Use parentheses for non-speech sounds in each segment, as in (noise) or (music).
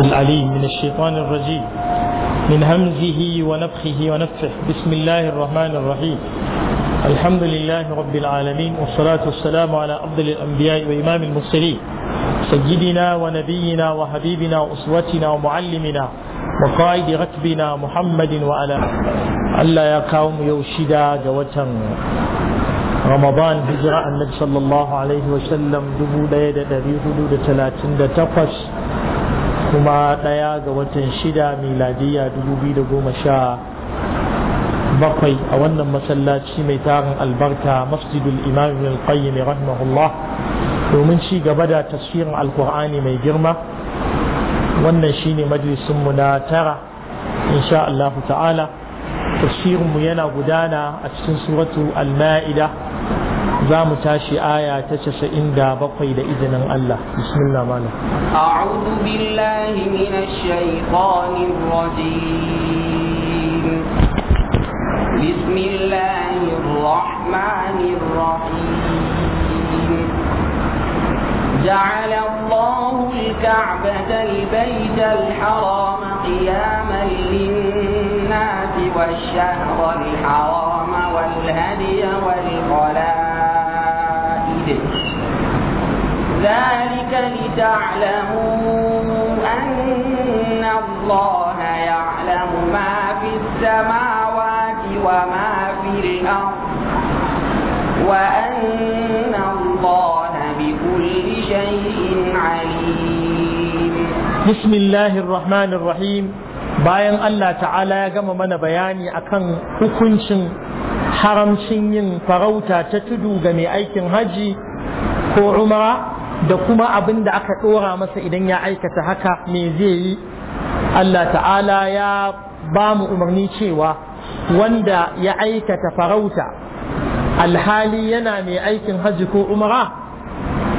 العليم من الشيطان الرجيم من همزه ونفخه ونفخه بسم الله الرحمن الرحيم الحمد لله رب العالمين والصلاة والسلام على أفضل الأنبياء وإمام المرسلين سيدنا ونبينا وحبيبنا وأسوتنا ومعلمنا وقائد ركبنا محمد وعلى ألا يا قوم يوشدا جوتا رمضان هجرة النبي صلى الله عليه وسلم دبو ليدة ذي حدود ثلاثين تقص kuma ɗaya ga watan shida sha bakwai a wannan masallaci mai tarin albarka masjidul imamu ibn al-qayyim rahimahullah domin ci gaba da tafsirin alkur'ani mai girma wannan shine majalisunmu na tara insha Allah ta'ala tafsirinmu yana gudana a cikin suratu al-ma'ida za mu tashi aya ta casa'in da bakwai da izinin Allah bismillah mana a'udhu billahi minash shaitanir rajim bismillahir rahmanir rahim ja'ala Allahu al-ka'bata al-baytal qiyaman lin-nasi wash-shahra al للناس wal الحرام wal والقلائد ذلك لتعلموا أن الله يعلم ما في السماوات وما في الأرض وأن الله بكل شيء عليم بسم الله الرحمن الرحيم bayan Allah ta'ala ya gama mana bayani akan hukuncin haramcin yin farauta ta tudu ga mai aikin haji ko umara da kuma abin da aka ɗora masa idan ya aikata haka me zai yi Allah ta'ala ya ba mu umarni cewa wanda ya aikata farauta alhali yana mai aikin hajji ko umara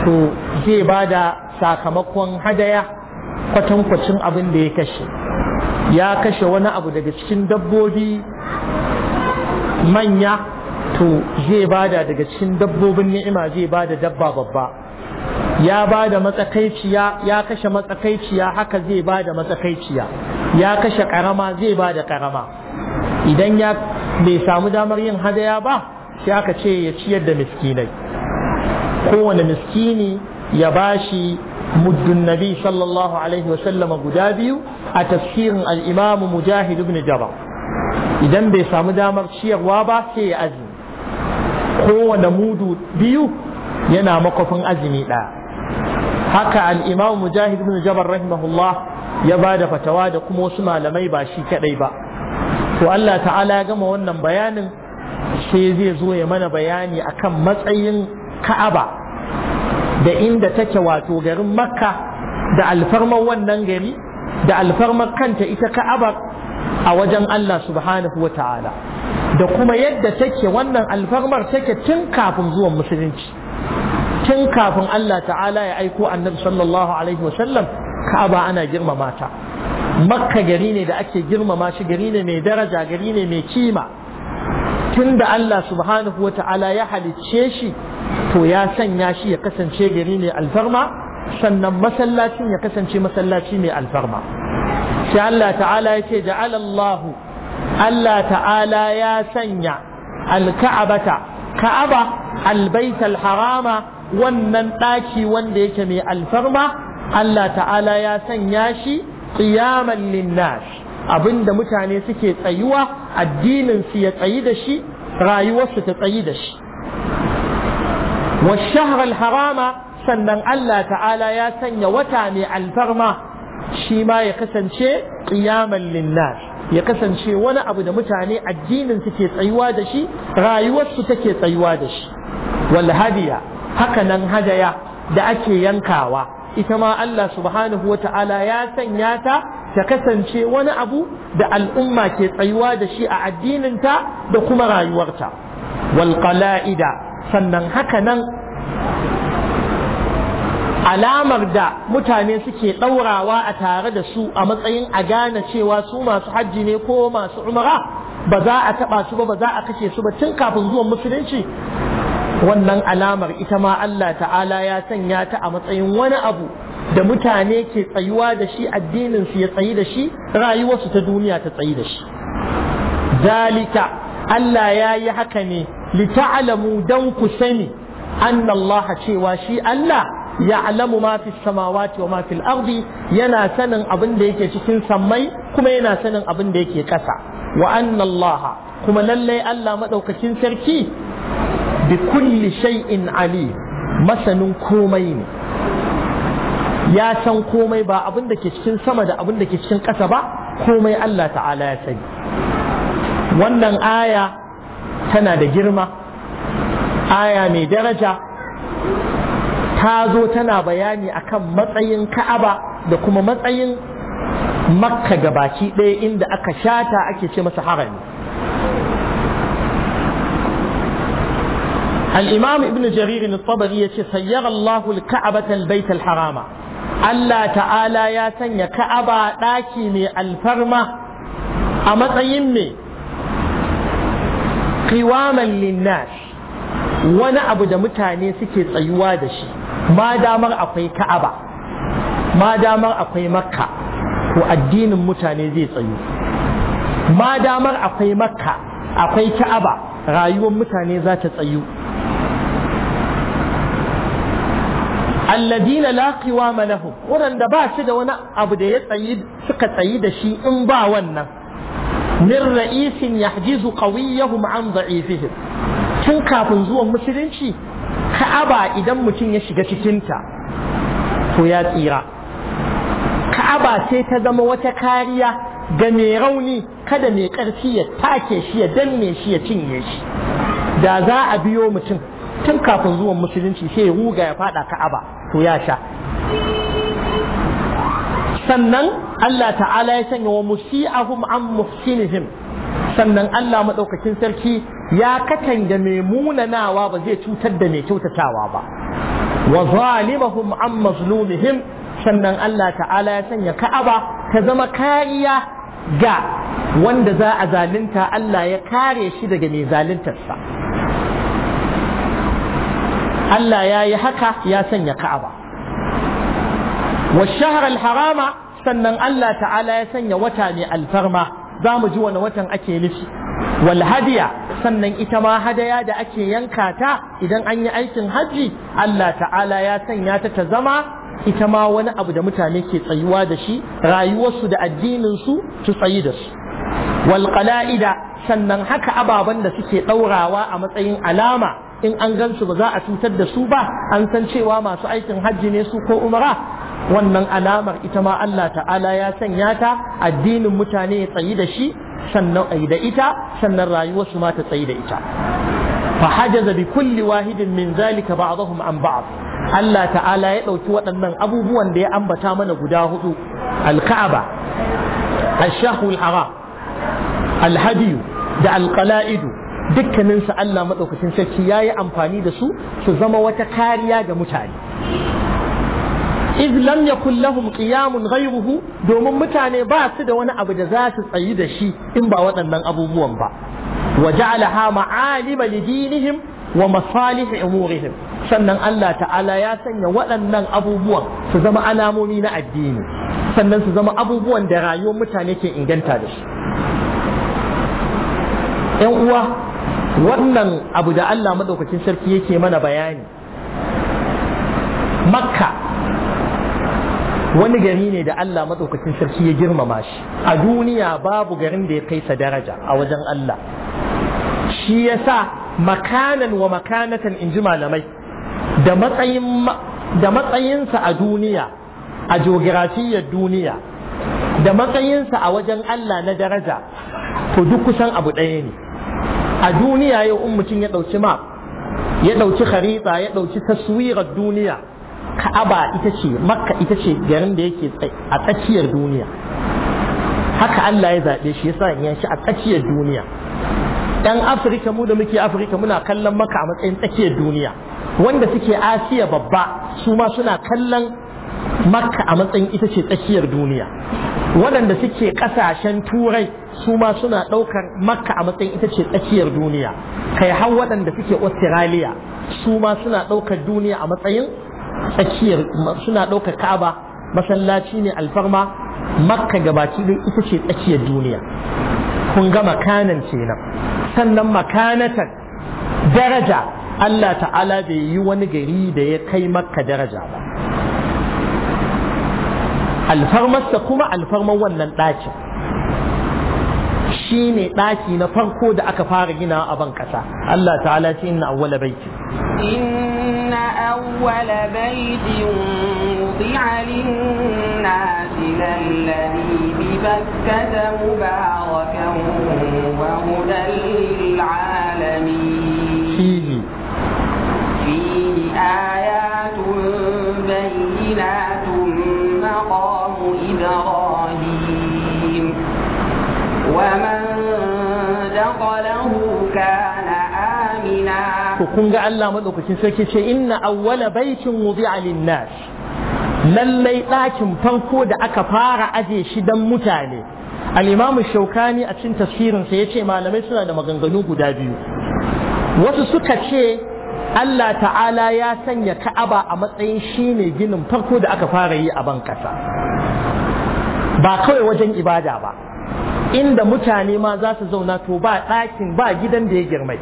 to zai ba da sakamakon hadaya kwatankwacin abin da ya kashe ya kashe wani abu daga cikin dabbobi manya to zai bada daga cikin dabbobin ni'ima zai ba da dabba babba ya ba da matsakaiciya ya kashe matsakaiciya haka zai ba da matsakaiciya ya kashe karama zai ba da karama idan ya bai samu damar yin hadaya ba sai aka ce ya ciyar da miskinai kowane miskini ya bashi muddin nabi sallallahu alaihi wasallam guda biyu a tafsirin al'imamu mujahid ibn jaba idan bai samu damar ciyarwa ba sai ya azumi kowane mudu biyu yana makwafin azumi ɗaya haka al-imam mujahid ibn jabal rahimahullah ya ba da fatawa da kuma wasu malamai ba shi kaɗai ba to Allah ta'ala ya gama wannan bayanin sai zai zo ya mana bayani akan matsayin ka'aba da inda take wato garin makka da alfarmar wannan gari da alfarmar kanta ita ka'aba a wajen Allah subhanahu wa ta'ala da kuma yadda take wannan alfarmar take tun kafin zuwan musulunci tun kafin Allah ta'ala ya aiko annabi sallallahu alaihi wasallam ka'aba ana girmama ta makka gari ne da ake girmama shi gari ne mai daraja gari ne mai kima tun da Allah subhanahu wa ta'ala ya halicce shi to ya sanya shi ya kasance gari ne alfarma sannan masallacin ya kasance masallaci mai alfarma sai Allah ta'ala ya ce ja'alallahu Allah ta'ala ya sanya alka'abata ka'aba albaital harama wannan ɗaki wanda yake mai alfarma Allah ta'ala ya sanya shi qiyaman linnas abinda mutane suke tsayuwa Addininsu ya tsayi da shi rayuwarsu ta tsayi da shi والشهر harama sannan Allah ta'ala ya sanya wata mai alfarma shi ma ya kasance qiyaman linnas ya kasance wani abu da mutane addinin suke tsayuwa da shi rayuwarsu take tsayuwa da shi wal hadiya haka nan hadaya da ake yankawa ita ma Allah subhanahu wa ta'ala ya sanya ta ta kasance wani abu da al'umma ke tsayuwa da shi a addininta da kuma rayuwarta Walƙala'ida. sannan haka nan alamar da mutane suke ɗaurawa a tare da su a matsayin a gane cewa su masu hajji ne ko masu umara ba za a taɓa su ba ba za a kashe su ba tun kafin zuwan musulunci wannan alamar ita ma Allah ta'ala ya sanya ta a matsayin wani abu da mutane ke tsayuwa da shi addininsu ya tsayi da shi rayuwarsu ta duniya ta tsayi da shi zalika Allah ya yi haka ne lita'alamu dan ku sani annallaha cewa shi Allah ya ma fi samawati wa ma ardi yana sanin abin da yake cikin sammai kuma yana sanin abin da yake ƙasa wa kuma lallai Allah maɗaukakin sarki bi kulli shay'in ali masanin komai ne ya san komai ba abin da ke cikin sama da abin da ke cikin ƙasa ba komai Allah ta'ala ya sani wannan aya tana da girma aya mai daraja ta zo tana bayani akan matsayin ka'aba da kuma matsayin makka baki ɗaya inda aka shata ake ce masa harami al-imam ibn jarir al-tabari yace sayyara Allahu al-ka'bata al-bayt al-harama Allah ta'ala ya sanya ka'aba ɗaki mai alfarma a matsayin mai, qiwaman linnar, wani abu da mutane suke tsayuwa da shi ma damar akwai ka'aba ma damar akwai makka to addinin mutane zai tsayu ma damar akwai makka akwai ka'aba rayuwar mutane za ta tsayu alladina la qiwama lahum waɗanda ba shi da wani abu da ya tsayi suka tsayi da shi in ba wannan min ra'isin yahjizu qawiyahum an da'ifihim tun kafin zuwan musulunci ka'aba idan mutum ya shiga cikinta to ya tsira ka'aba sai ta zama wata kariya ga mai rauni kada mai ƙarfi ya take shi ya danne shi ya cinye shi da za a biyo mutum tun kafin zuwan musulunci sai ruga ya fada ka'aba to ya sha sannan Allah ta'ala ya sanya wa musi'ahum an muhsinihim sannan Allah Madaukakin sarki ya katanga mai munanawa ba zai cutar da mai kyautatawa ba wa zalimahum an mazlumihim sannan Allah ta'ala ya sanya ka'aba ta zama kariya ga wanda za a zalunta Allah ya kare shi daga mai zaluntarsa Allah ya yi haka ya sanya ka'aba wa shahar harama sannan Allah ta'ala ya sanya wata mai alfarma za mu ji wani watan ake nufi wal hadiya sannan ita ma hadaya da ake yanka ta idan an yi aikin hajji Allah ta'ala ya sanya ta ta zama ita ma wani abu da mutane ke tsayuwa da shi rayuwarsu da addininsu su tsayi da su wal qala'ida sannan haka ababen da suke ɗaurawa a matsayin alama in an gansu ba za a cutar da su ba an san cewa masu aikin hajji ne su ko umara wannan alamar ita ma Allah ta'ala ya sanya ta addinin mutane ya tsayi da shi sannan a da ita sannan rayuwarsu ma ta tsayi da ita fa hajaza bi kulli wahidin min zalika ba'dahum an ba'd Allah ta'ala ya ɗauki waɗannan abubuwan da ya ambata mana guda hudu al-ka'aba al-shahru haram al-hadiyu da al-qala'idu dukkaninsu Allah maɗaukacin sarki ya yi amfani da su su zama wata kariya ga mutane Islam lam yakun lahum qiyamun ghayruhu domin mutane ba su da wani abu da za su tsayi da shi in ba waɗannan abubuwan ba wa ja'alaha ma'alima lidinihim wa masalih umurihim sannan Allah ta'ala ya sanya waɗannan abubuwan su zama alamomi na addini sannan su zama abubuwan da rayuwar mutane ke inganta da shi ‘yan uwa wannan abu da Allah madaukakin sarki yake mana bayani makka wani gari ne da Allah madaukakin sarki ya girmama shi a duniya babu garin da ya kai sa daraja a wajen Allah shi yasa makanan wa makanatan in ji malamai da matsayinsa a duniya a jogirafiyar duniya da matsayinsa a wajen Allah na daraja to duk kusan abu ɗaya ne a duniya yau in mutum ya ɗauki map ya ɗauki harita ya ɗauki taswirar duniya ka'aba ita ce makka ita ce garin da yake a tsakiyar duniya haka Allah ya zaɓe shi yasa in shi a tsakiyar duniya ɗan afirka mu da muke afirka muna kallon maka a matsayin tsakiyar duniya wanda suke asiya babba su ma suna kallon makka a matsayin ita ce tsakiyar duniya waɗanda suke ƙasashen turai su ma suna ɗaukar makka a matsayin ita ce tsakiyar duniya kai har waɗanda suke australia su ma suna ɗaukar duniya a matsayin tsakiyar suna ɗaukar ka'aba masallaci ne alfarma makka gabaki dai ita ce tsakiyar duniya kun ga makanan kenan sannan makanatan daraja Allah ta'ala bai yi wani gari da ya kai makka daraja ba alfarmarsa kuma alfarman wannan ɗakin shi ne ɗaki na farko da aka fara gina a ban ƙasa Allah ta'ala ce inna awwala baiti inna awwala baitin wudi'a fihi fihi ayatun bayyinatun kun ga Allah madaukakin sarki ce inna awwala baitin wudi'a lin-nas lallai ɗakin farko da aka fara aje shi dan mutane al-imamu shaukani a cikin ya yace malamai suna da maganganu guda biyu wasu suka ce Allah ta'ala ya sanya Ka'aba a matsayin shine ginin farko da aka fara yi a ban kasa ba kawai wajen ibada ba inda mutane ma za su zauna to ba ɗakin ba gidan da ya girmai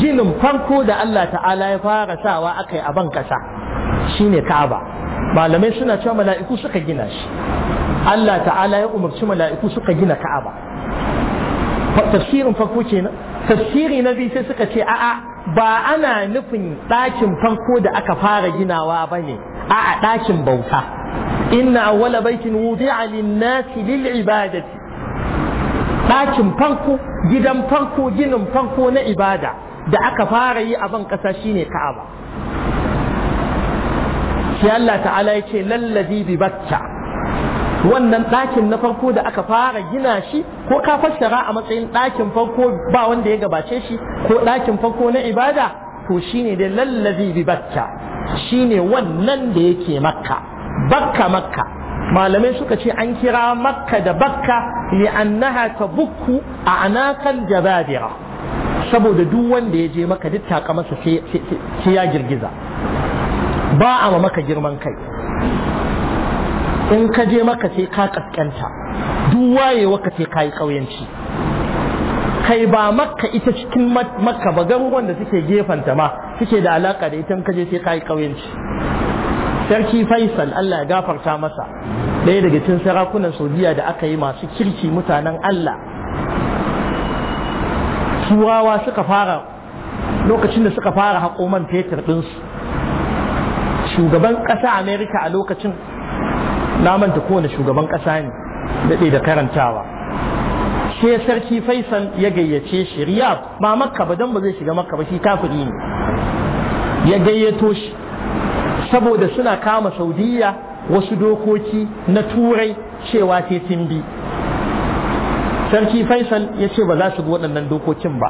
ginin farko da Allah ta'ala ya fara sawa aka yi a ban kasa shine Ka'aba malamai suna cewa mala'iku suka gina shi Allah ta'ala ya umarci mala'iku suka gina Ka'aba tafsirin farko kenan tafsiri na biyu sai suka ce a'a ba ana nufin ɗakin farko da aka fara ginawa ba ne a'a ɗakin bauta inna awwala baitin wudi'a lin-nasi lil-ibadati ɗakin farko gidan farko ginin farko na ibada da aka fara yi a ban ƙasa shine ka'aba shi Allah ta'ala ya ce lallazi bi bacca wannan ɗakin na farko da aka fara gina shi ko ka fassara a matsayin ɗakin farko ba wanda ya gabace shi ko ɗakin farko na ibada to shine da lallazi bi bacca shine wannan da yake makka bakka makka malamai suka ce an kira makka da bakka li'annaha tabukku a anakan jababira saboda duk wanda ya je maka duk taka masa sai ya girgiza ba a ma maka girman kai in ka je maka sai ka kaskanta duk wayewa waka sai ka yi ƙauyanci kai ba makka ita cikin makka ba garuruwan da suke gefanta ma suke da alaka da ita kaje sai kai kauyanci sarki faisal Allah ya gafarta masa ɗaya daga cikin sarakunan saudiya da aka yi masu kirki mutanen Allah turawa suka fara lokacin da suka fara haƙo man fetur ɗinsu shugaban ƙasa amerika a lokacin na kowane shugaban ƙasa ne daɗe da karantawa sai sarki faisal ya gayyace shi riyab ba makka ba don ba zai shiga makka ba shi kafiri ne ya gayyato shi saboda suna kama Saudiyya wasu dokoki na turai cewa sai sun bi sarki faisal ya ce ba za su bi waɗannan dokokin ba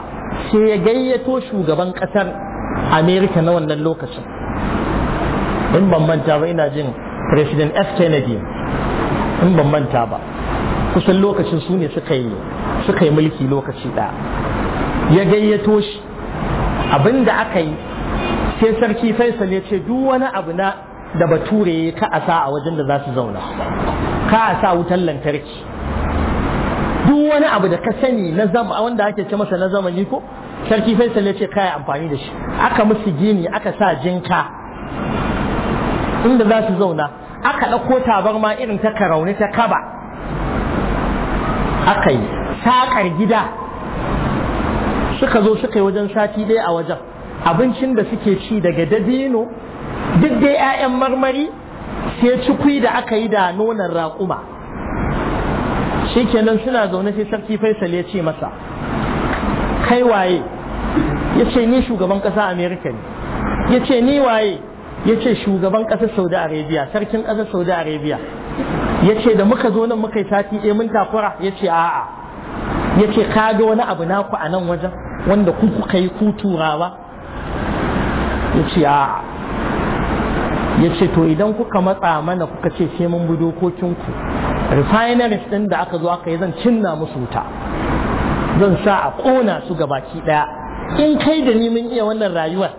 sai ya gayyato shugaban ƙasar amerika na wannan lokacin in ban ba ina jin president f kennedy in ban ba kusan lokacin su ne suka yi suka yi mulki lokaci ɗaya ya gayyato shi abin da aka yi sai sarki faisal ya ce duk wani abu na da bature ka a sa a wajen da za su zauna ka a sa wutan lantarki duk wani abu da ka sani na zama wanda ake ce masa na zamani ko sarki faisal ya ce kai amfani da shi aka musu gini aka sa jinka inda za su zauna aka ɗauko tabarma irin ta karauni ta kaba aka yi saƙar gida suka zo suka yi wajen sati ɗaya a wajen abincin da suke ci daga dabino duk dai 'ya'yan marmari sai cikwi da aka yi da nonon raƙuma shikenan suna zaune sai sarki faisal ya ce masa kai waye ya ce ni shugaban ƙasa amerika ne ya ce ni waye ya ce shugaban ƙasar saudi arabia sarkin ƙasar saudi arabia ya ce da muka zo nan muka yi sati ɗaya mun takura ya ce a'a ya ce ka ga wani abu naku a nan wajen wanda ku kuka yi ku turawa ya ce a'a ya ce to idan kuka matsa mana kuka ce sai mun bi dokokinku refineries ɗin da aka zo aka yi zan cinna musu wuta zan sa a ƙona su gabaki ɗaya in kai da ni mun iya wannan rayuwar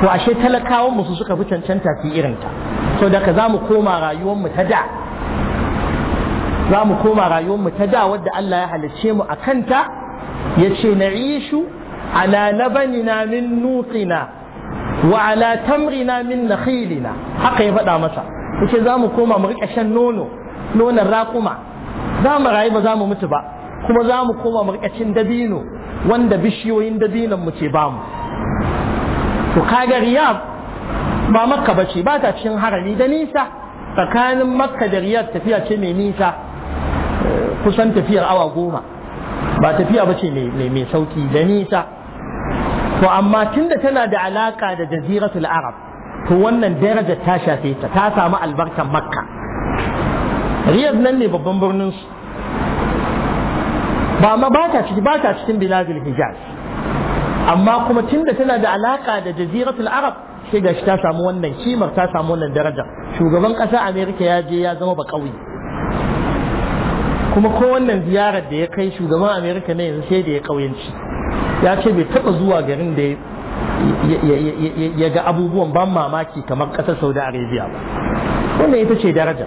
to ashe talakawan musu suka fi cancanta irin irinta so da ka za mu koma ta da za mu koma rayuwar mu ta da wadda Allah ya halicce mu a kanta ya ce na ishu ala labanina min nutsina wa ala tamrina min nakhilina haka ya faɗa masa yace za mu koma mu riƙe shan nono nonon raƙuma za mu rayu ba za mu mutu ba kuma za mu koma markacin dabino wanda bishiyoyin dabinon mu ba mu? to kaga riyab ba makka ba ce ba ta cikin harari da nisa tsakanin makka da riyab tafiya ce mai nisa kusan tafiyar awa goma ba tafiya ba ce mai sauki da nisa to amma tunda tana da alaka da jaziratul arab to wannan darajar ta shafe ta ta samu albarkar makka riyad nan ne babban birnin su ba ma ba ta ciki ba ta cikin biladul hijaz amma kuma tunda tana da alaka da jaziratul arab sai gashi ta samu wannan kimar ta samu wannan daraja shugaban ƙasa amerika ya je ya zama ba ƙauye kuma ko wannan ziyarar da ya kai shugaban amerika na yanzu sai da ya ƙauyenci ya ce bai taba zuwa garin da ya ga abubuwan ban mamaki kamar kasar saudi arabia ba wannan ita ce daraja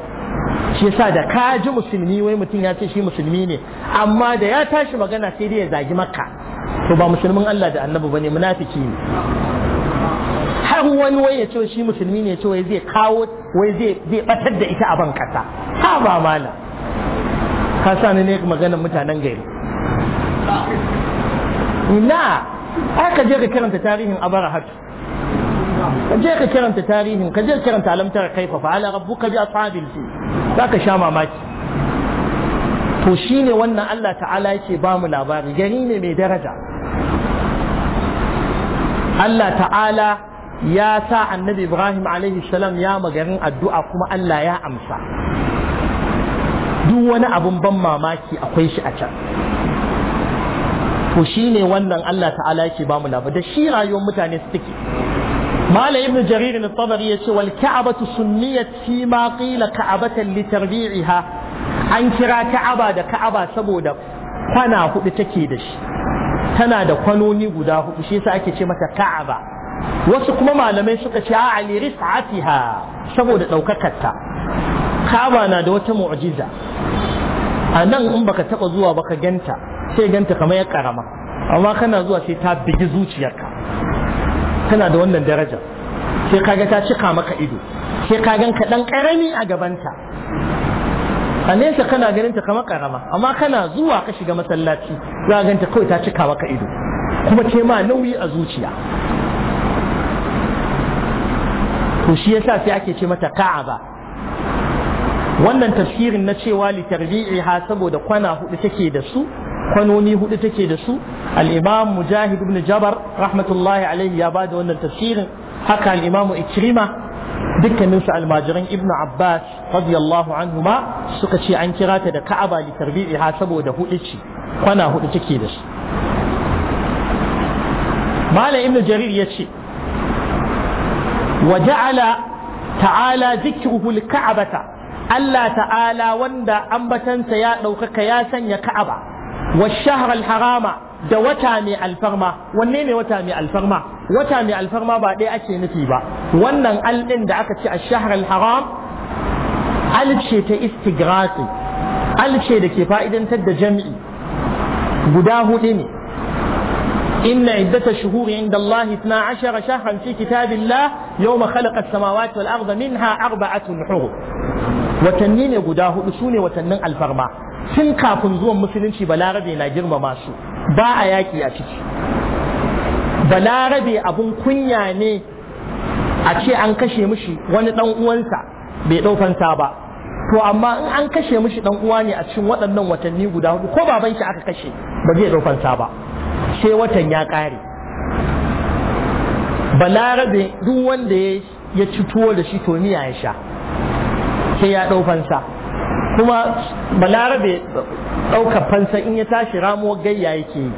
shi yasa da ka ji musulmi wai mutum ya ce shi musulmi ne amma da ya tashi magana sai dai ya zagi makka to ba musulmin Allah da annabi bane munafiki ne har wani wai ya ce shi musulmi ne ce wai zai kawo wai zai zai batar da ita a ban kasa ha ba mala ka sa ni ne maganar mutanen gari ina aka je ka karanta tarihin hatu ka je ka karanta tarihin ka je karanta alamtar kaifa fa ala rabbuka bi ashabil fil zaka sha mamaki to shine wannan Allah ta'ala yake ba mu labari gari ne mai daraja Allah ta'ala ya sa annabi Ibrahim alaihi salam ya magarin addu'a kuma Allah ya amsa duk wani abun ban mamaki akwai shi a can to shine wannan Allah ta'ala yake ba mu labari da shi rayuwar mutane suke. malami ibn jaririn al ya ce wal sun sunniyat fi ma qila ka'batan li tarbi'iha an kira ka'aba da ka'aba saboda kwana hudu take da shi tana da kwanoni guda hudu shi yasa ake ce mata ka'aba wasu kuma malamai suka ce a ali ris'atiha saboda daukakarta ka'aba na da wata mu'jiza a nan in baka taba zuwa baka ganta sai ganta kamar ya karama amma kana zuwa sai ta bigi zuciyarka tana da wannan daraja sai kaga ta cika maka ido sai ka ka dan karami a gabanta a nesa kana ganin ta kamar karama amma kana zuwa ka shiga masallaci za ka ganta kawai ta cika maka ido kuma ce ma nauyi a zuciya to shi yasa sai ake ce mata ka'aba wannan tafsirin na cewa litarbi'iha saboda kwana hudu take da su kwanoni hudu take da su al mujahid ibn jabar rahmatullahi alaihi ya bada wannan tafsirin haka al ikrima dukkanin su almajiran ibn abbas radiyallahu anhuma suka ce an kira ta da ka'aba li tarbi'i ha saboda hudu ce kwana hudu take da su malam ibn jarir ya ce wa ja'ala ta'ala zikruhu al Allah ta'ala wanda ambatansa ya ɗaukaka ya sanya ka'aba والشهر harama da wata mai alfarma wanne ne wata mai alfarma wata mai alfarma ba ɗaya ake nufi ba wannan alɗin da aka ci a shaharar haram alif ce ta istigrasi alif ce da ke fa’idantar da jami’i guda hudu ne inna iddata shuhuri inda Allah na ashara shahararci fi kitabin la yau ma khalaƙar samawati wal arba min ha arba atun huru watanni ne guda hudu su ne watannin alfarma tun kafin zuwan musulunci balarabe na girmama su ba a yaƙi a ciki balarabe abun kunya ne a ce an kashe mishi wani ɗan uwansa bai ɗaukansa ba to amma in an kashe mishi ɗan uwa ne a cikin waɗannan watanni guda hudu ko baban shi aka kashe ba zai ɗaukansa ba sai watan ya ƙare balarabe duk wanda ya ci tuwo da shi to miya ya sha sai ya ɗaukansa kuma balarabe ɗaukar fansa in ya tashi ramuwar gayya yake yi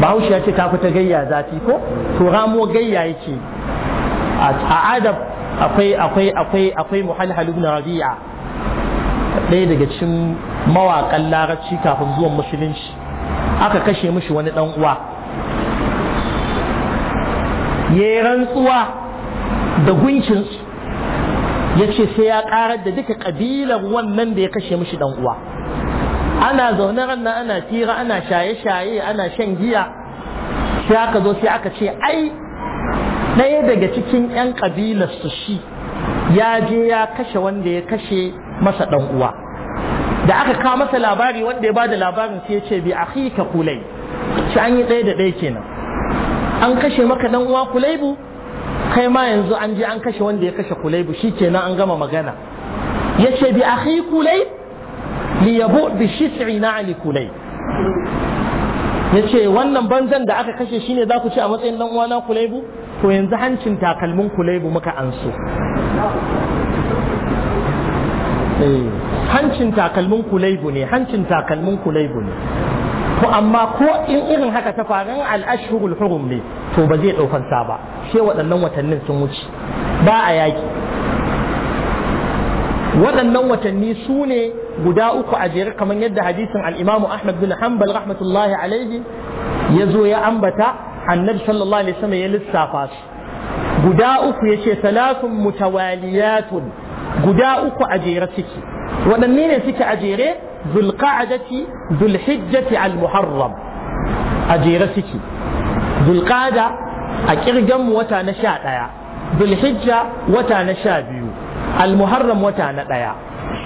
bahaushe ya ce ta fita gayya zafi ko to ramo gayya yake a adab akwai akwai akwai akwai muhalhal ibn rabi'a ɗaya daga cikin mawaƙan larabci kafin zuwan musulunci aka kashe mishi wani ɗan uwa ya rantsuwa da gunkin ya ce sai ya karar da duka kabilan wannan da ya kashe mishi dan uwa ana zaune ran ana tira ana shaye-shaye ana shan giya sai aka zo sai aka ce ai ɗaya daga cikin 'yan kabilar su shi ya je ya kashe wanda ya kashe masa dan uwa da aka kawo masa labari wanda ya bada labarin sai ya ce bi akhika kulai shi an yi ɗaya da ɗaya kenan an kashe maka dan uwa kulaibu kai ma yanzu an je an kashe wanda ya kashe kulaibu kenan an gama magana yace bi a kai kulai li yabo bi shif'i na ali kulai yace wannan banzan da aka kashe shine za ku ci a matsayin dan uwana kulaibu to yanzu hancin takalmin kulaibu muka ansu. Eh, hancin takalmin kulaibu ne hancin takalmin kulaibu ne to amma ko in irin haka ta faru al-ashhurul hurum ne to ba zai daukan ba sai waɗannan watannin sun wuce ba a yaki waɗannan watanni su ne guda uku a jere kamar yadda hadisin al Ahmad bin Hanbal rahmatullahi alaihi ya zo ya ambata annabi sallallahu alaihi wasallam ya lissafa su guda uku yace salatun mutawaliyatun guda uku a jere suke waɗanne ne suke a jere zulqa'adati zulhijjati al-muharram a jere suke zulqa'ada a kirgan wata na sha ɗaya zulhijja wata na sha biyu al-muharram wata na ɗaya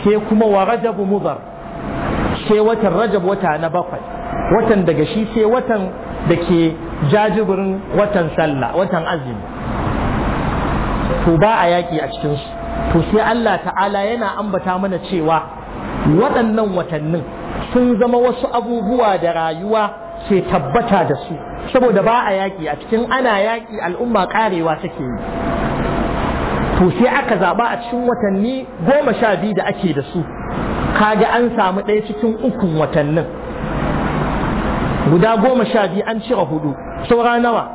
sai kuma wa rajab mudhar sai watan rajab wata na bakwai watan daga shi sai watan da ke jajibirin watan sallah watan azumi to ba a yaƙi a cikinsu to sai Allah ta'ala yana ambata mana cewa waɗannan watannin sun zama wasu abubuwa da rayuwa sai tabbata da su saboda ba a yaƙi a cikin ana yaƙi al'umma ƙarewa take yi to sai aka zaɓa a cikin watanni goma sha biyu da ake da su kaga an samu ɗaya cikin ukun watannin guda goma sha biyu an cire hudu saura nawa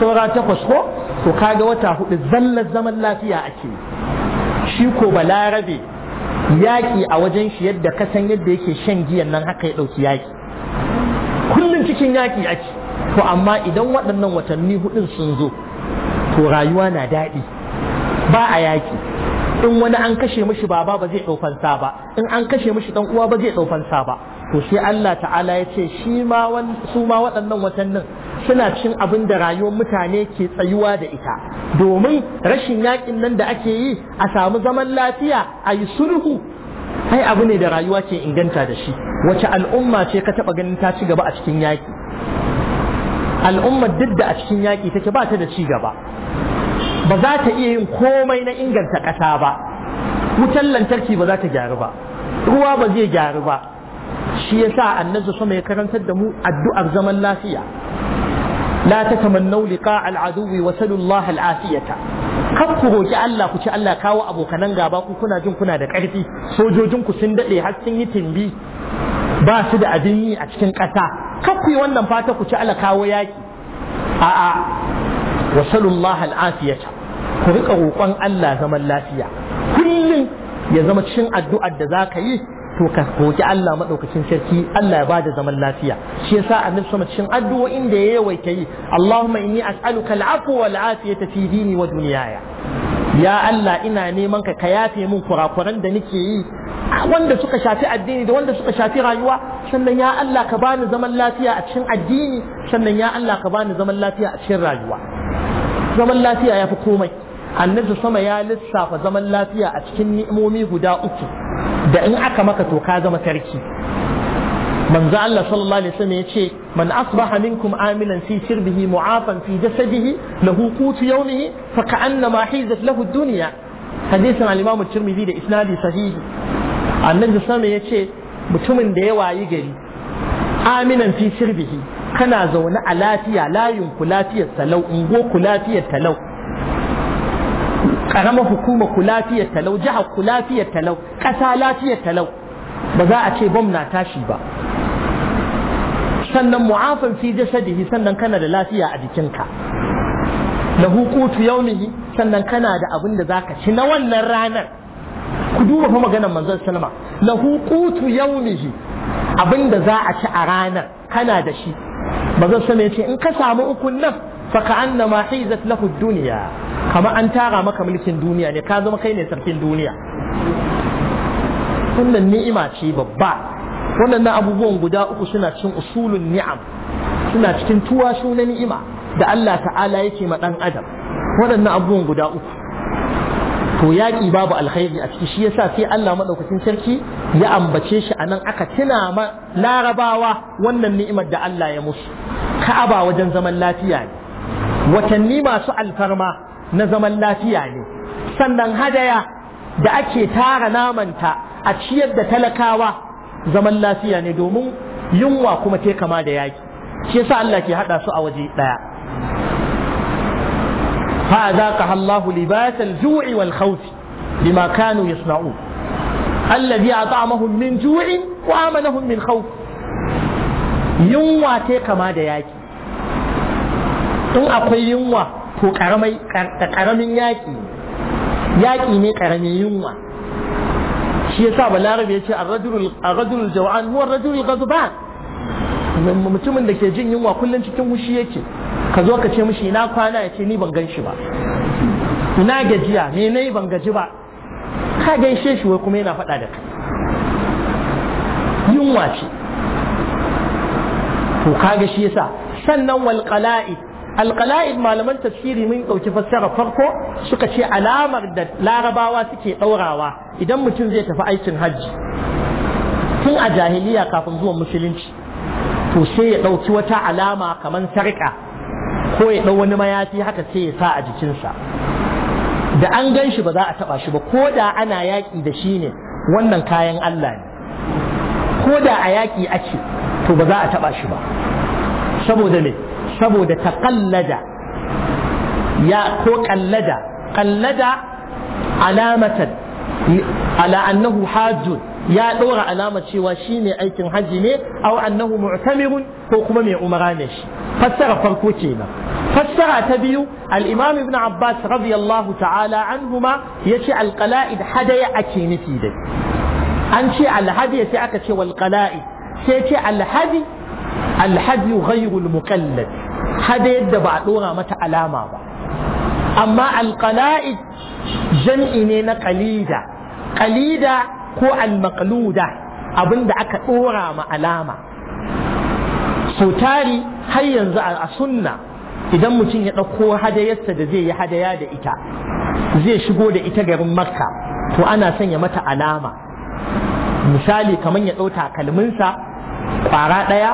saura takwas ko to kaga wata hudu zallar zaman lafiya ake yi shi ko balarabe yaƙi a wajen shi yadda ka san yadda yake shan giyan nan haka ya ɗauki yaƙi kullum cikin yaƙi ake to amma idan waɗannan watanni hudun sun zo to rayuwa na daɗi ba a yaƙi in wani an kashe mishi baba ba zai ɗaufansa ba in an kashe mishi ɗan uwa ba zai ɗaufansa ba to shi Allah ta'ala ya ce shi ma su ma waɗannan watannin suna cin abin da rayuwar mutane ke tsayuwa da ita domin rashin yakin nan da ake yi a samu zaman lafiya a yi sulhu ai abu ne da rayuwa ke inganta da shi wace al'umma ce ka taɓa ganin ta ci gaba a cikin yaƙi al'ummar duk da a cikin yaƙi take ba ta da ci gaba ba za ta iya yin komai na inganta ƙasa ba wutar lantarki ba za ta gyaru ba ruwa ba zai gyaru ba shi yasa annabi sama ya karantar da mu addu'ar zaman lafiya la tatamannaw liqa al wa sallallahu al kar ku roki Allah ku ci Allah kawo abokanan gaba ku kuna jin kuna da karfi sojojin ku sun dade har sun yi timbi ba su da abin yi a cikin ƙasa kar ku yi wannan fata ku ci Allah kawo yaki a'a wa sallallahu al ku riƙa roƙon Allah zaman lafiya kullum ya zama cikin addu'ar da za ka yi to ka Allah madaukakin sarki Allah ya bada zaman lafiya shi yasa annabi sama cikin addu'o'in da ya yawaita yi Allahumma inni as'aluka al'afwa wal afiyata fi dini wa dunyaya ya Allah ina neman ka ka yafe min kurakuran da nake yi wanda suka shafi addini da wanda suka shafi rayuwa sannan ya Allah ka bani zaman lafiya a cikin addini sannan ya Allah ka bani zaman lafiya a cikin rayuwa zaman lafiya yafi komai annabi sama ya lissafa zaman lafiya a cikin ni'imomi guda uku da in aka maka to ka zama sarki manzo Allah sallallahu alaihi wasallam yace man asbaha minkum aminan fi sirbihi mu'afan fi jasadihi lahu qutu yawmihi fa ka'annama hizat lahu ad-dunya hadisin al-imam at-tirmidhi da isnadi sahihi annabi sallallahu yace mutumin da ya wayi gari aminan fi sirbihi kana zaune a lafiya layin ku lafiyar talau ungo ku lafiyar talau karamar hukuma ku lafiyar talau jihar ku lafiyar talau ƙasa lafiyar talau ba za a ce bom na tashi ba sannan mu'afan fi jasadihi sannan kana da lafiya a jikinka lahu qutu yawmihi sannan kana da abin da ka ci na wannan ranar ku duba fa maganar manzon sallama lahu qutu yawmihi abin da za a ci a ranar kana da shi manzon sallama yace in ka samu ukun nan فكأنما حيزت له الدنيا كما أن ترى مك ملك الدنيا يعني كذا ما كاين سرك الدنيا wannan ni'ima ce babba wannan abubuwan guda uku suna cikin usulun ni'am suna cikin tuwashu na ni'ima da Allah ta'ala yake ma dan adam waɗannan abubuwan guda uku to yaƙi babu alkhairi a ciki shi yasa sai Allah madaukakin sarki ya ambace shi anan aka tuna ma larabawa wannan ni'imar da Allah ya musu ka'aba wajen zaman lafiya ne watanni masu alfarma na zaman lafiya ne sannan hadaya da ake tara namanta a ciyar da talakawa zaman lafiya ne domin yunwa kuma te kama da yaki shi yasa Allah ke hada su a waje daya fa azaqaha Allahu libasal ju'i wal khawf bima kanu yasna'u alladhi at'amahum min ju'in wa amanahum min khawf yunwa te kama da yaki Tun akwai yunwa ko karamin yaƙi yaƙi ne karamin yunwa shi ya sa balarabe ya ce a arrajulul jawa'an huwa arrajulul ghadban mutumin da ke jin yunwa kullum cikin hushi yake ka zo ka ce mishi ina kwana ya ce ni ban gan shi ba ina gajiya me yi ban gaji ba ka gaishe shi wai kuma yana faɗa da kai yunwa ce to kaga shi yasa sannan wal alqala'id malaman tafsiri mun ɗauki fassara farko suka ce alamar da larabawa suke ɗaurawa idan mutum zai tafi aikin hajji tun a jahiliya kafin zuwan musulunci to sai ya ɗauki wata alama kamar sarƙa ko ya dau wani mayafi haka sai ya sa a jikinsa da an gan shi ba za a taɓa shi ba ko da ana yaƙi da shi ne wannan kayan Allah ne ko da a yaƙi ake to ba za a taɓa shi ba saboda me saboda ta kallada ya ko kallada kallada alamatan ala annahu hajjun ya ɗora alama cewa shi ne aikin hajji ne au annahu mu'tamirun ko kuma mai umara ne shi fassara farko kenan fassara ta biyu al-imam ibn abbas radiyallahu ta'ala anhuma yace al-qala'id hadaya ake nufi da an ce al sai aka ce wal qala'id sai ce al-hadi al-hadi ghayru al-muqallad hada yadda ba a ɗora mata alama ba amma alƙala'id jam'i ne na ƙalida ƙalida ko almakluda abin da aka ɗora ma alama so tari har yanzu a sunna idan mutum ya ɗauko hadayarsa da zai yi hadaya da ita zai shigo da ita garin makka to ana sanya mata alama misali kamar ya ɗau takalminsa ƙwara ɗaya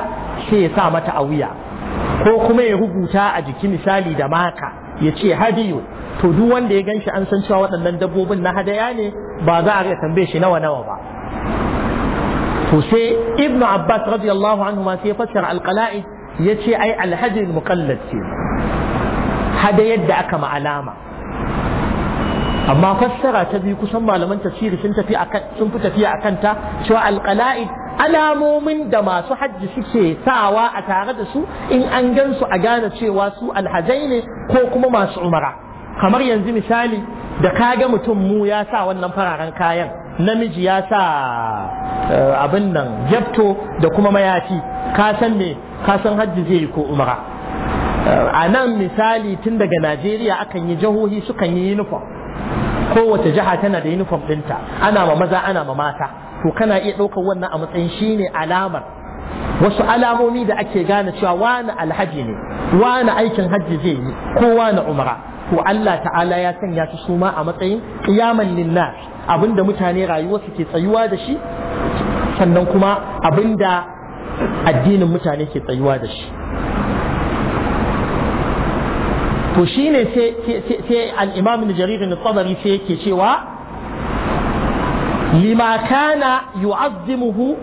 sai ya sa mata a wuya ko kuma ya rubuta a jiki misali da maka ya ce hadiyu to duk wanda ya ganshi an san cewa waɗannan dabbobin na hadaya ne ba za a ga tambaye shi nawa nawa ba to sai ibnu abbas radiyallahu anhu ma sai ya fassara alqala'i ya ce ai alhajin muqallad ce hadayar da aka ma'alama amma fassara ta biyu kusan malaman tafsiri sun tafi akan sun fi tafiya akan ta cewa alqala'id alamomin da masu hajji suke sawa a tare da su in an gansu a gane cewa su alhazai ne ko kuma masu umara kamar yanzu misali da kaga mutum mu ya sa wannan fararen kayan namiji ya sa eh, abin nan gyabto da kuma mayafi ka san me ka san hajji zai yi ko umara eh, a nan misali tun daga najeriya akan yi jihohi sukan yi uniform kowace jiha tana da uniform ɗinta ana ma maza ana ma mata to kana iya ɗaukar wannan a matsayin shine alamar wasu alamomi da ake gane cewa wani alhaji ne wani aikin hajji zai yi ko wani umra to Allah ta'ala ya sanya su suma a matsayin qiyaman linnas abinda mutane rayuwarsu ke tsayuwa da shi sannan kuma abinda addinin mutane ke tsayuwa da shi to shine sai sai al-Imam Jarir an tabari sai yake cewa لما كان يعظمه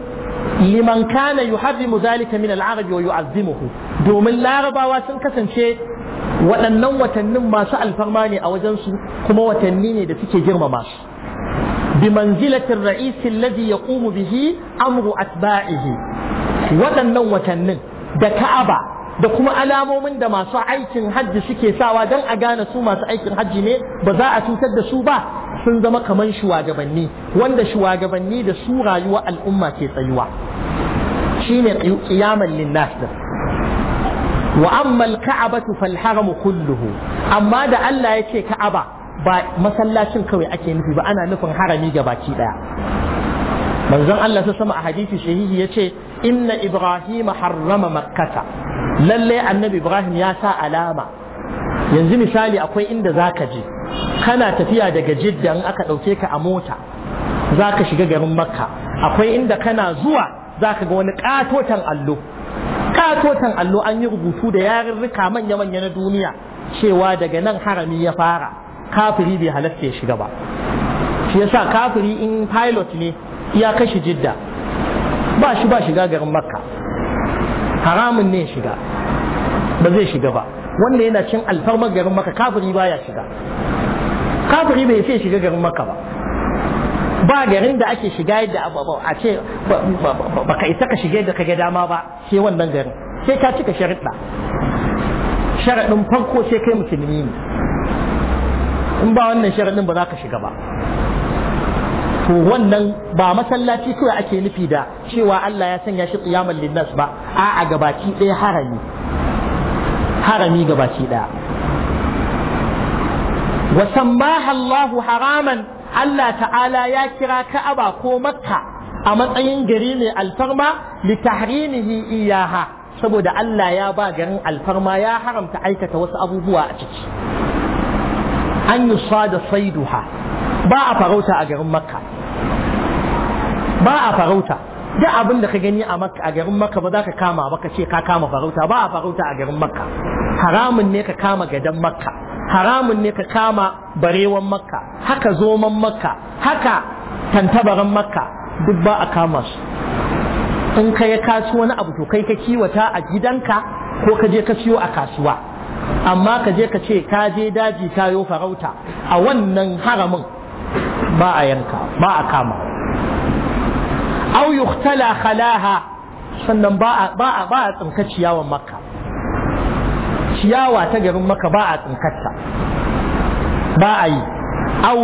liman kana min al-arabi wa domin larabawa sun kasance waɗannan watannin masu alfarma ne a wajensu kuma watanni ne da suke girmama su bi manzilatin ra'isi alladhi bihi amru atba'ihi waɗannan watannin da ka'aba da kuma alamomin da masu aikin hajji suke sawa don a gane su masu aikin hajji ne ba za a cutar da su ba sun zama kaman shugabanni wanda shugabanni da su rayuwa al'umma ke tsayuwa shine qiyamal linnas wa amma al-ka'batu fal haramu kulluhu amma da Allah yake ka'aba ba masallacin kawai ake nufi ba ana nufin harami gabaki daya manzon Allah ta sama a hadisi shahihi yace inna ibrahima harrama makkata lalle annabi ibrahim ya sa alama yanzu misali akwai inda za ka je kana tafiya daga jidda in aka ɗauke ka a mota za ka shiga garin makka akwai inda kana zuwa za ka ga wani ƙatotan allo ƙatotan allo an yi rubutu da yarurruka manya-manya na duniya cewa daga nan harami ya fara kafiri bai halatta ya shiga ba shi yasa kafiri in pilot ne ya kashe jidda ba shi ba shiga garin makka haramun ne shiga ba zai shiga ba wanda yana cin alfarmar garin maka kafiri baya shiga kafiri bai sai shiga garin maka ba ba garin da ake shiga yadda a ce ba ka isa ka shiga yadda ka ga dama ba sai wannan garin sai ka cika sharaɗa sharaɗin farko sai kai musulmi ne in ba wannan sharaɗin ba za ka shiga ba to wannan ba masallaci kawai ake nufi da cewa Allah ya sanya shi tsiyamar linnas ba a'a gabaki ɗaya harami harami gabaki ɗaya wa haraman Allah ta'ala ya kira Ka'aba ko Makka a matsayin gari mai alfarma li iyaha saboda Allah ya ba garin alfarma ya haramta aikata wasu abubuwa a ciki an yusa da saiduha ba a farauta a garin Makka ba a farauta duk abin da ka gani a makka a garin makka ba za ka kama ba ka ce ka kama farauta ba a farauta a garin makka haramun ne ka kama gadan makka haramun ne ka kama barewan makka haka zoman makka haka tantabaran makka duk ba a kama su in ka ya kasu wani abu to kai ka kiwata a gidanka ko ka je ka siyo a kasuwa amma ka je ka ce ka je daji tayo farauta a wannan haramin ba a yanka ba a kama aw yukhtala khalaha sannan ba a tsinka ciyawan makka ciyawa ta garin makka ba a tsinkarta ba a yi aw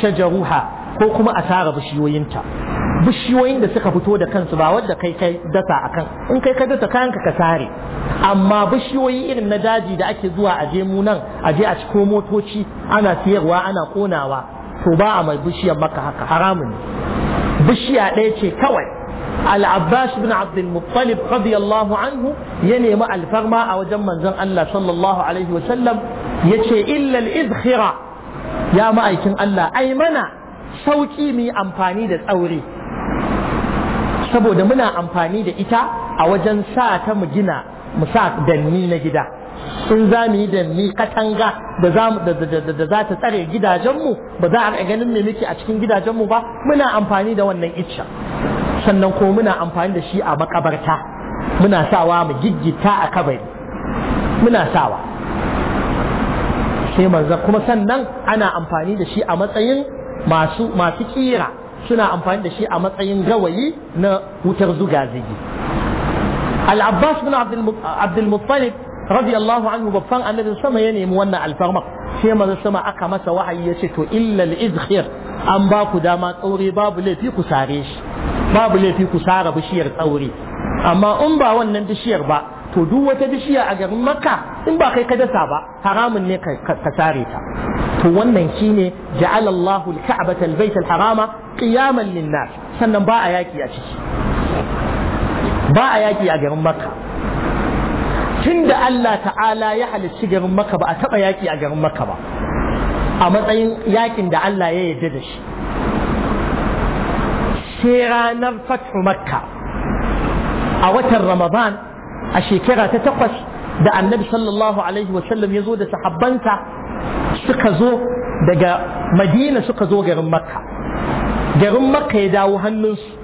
shajaruha ko kuma a tara bishiyoyinta bishiyoyin da suka fito da kansu ba wadda kai kai dasa akan in kai ka dasa kayanka ka sare amma bishiyoyi irin na daji da ake zuwa a je mu nan a je a ciko motoci ana siyarwa ana konawa to ba a mai bishiyar maka haka haramun ne. bishiya ɗaya ce kawai al-abbas bin abdul muttalib radiyallahu anhu ya nemi alfarma a wajen manzon Allah sallallahu alaihi wa sallam yace illa al-izkhira ya ma'aikin Allah ai mana sauki mu yi amfani da tsauri saboda muna amfani da ita a wajen sa ta mu gina mu sa danni na gida sun za mu yi da ni katanga da za ta tsare gidajenmu ba za a ganin me muke a cikin gidajenmu ba muna amfani da wannan icca sannan ko muna amfani da shi a makabarta muna sawa mu giggita a kabari muna sawa sai manzo kuma sannan ana amfani da shi a matsayin masu masu kira suna amfani da shi a matsayin gawayi na wutar zuga zigi al-abbas bin abdul muttalib radiyallahu anhu babban annabin sama ya nemi wannan alfarma sai manzo sama aka masa wahayi yace to illa al-izkhir an baku dama tsaure babu laifi ku sare shi babu laifi ku sare bishiyar tsauri. amma in ba wannan bishiyar ba to duk wata bishiya a garin makka in ba kai ka dasa ba haramun ne ka sare ta to wannan shine ja'alallahu al-ka'bata al harama qiyaman lin-nas sannan ba a yaki a ciki ba a yaki a garin makka tun da Allah ta'ala ya halarci garin maka ba a taɓa yaƙi a garin maka ba a matsayin yaƙin da Allah ya yarda da shi sai ranar fatu makka a watan ramadan a shekara ta takwas da annabi sallallahu alaihi wasallam ya zo da sahabbanta suka zo daga madina suka zo garin makka garin makka ya dawo hannunsu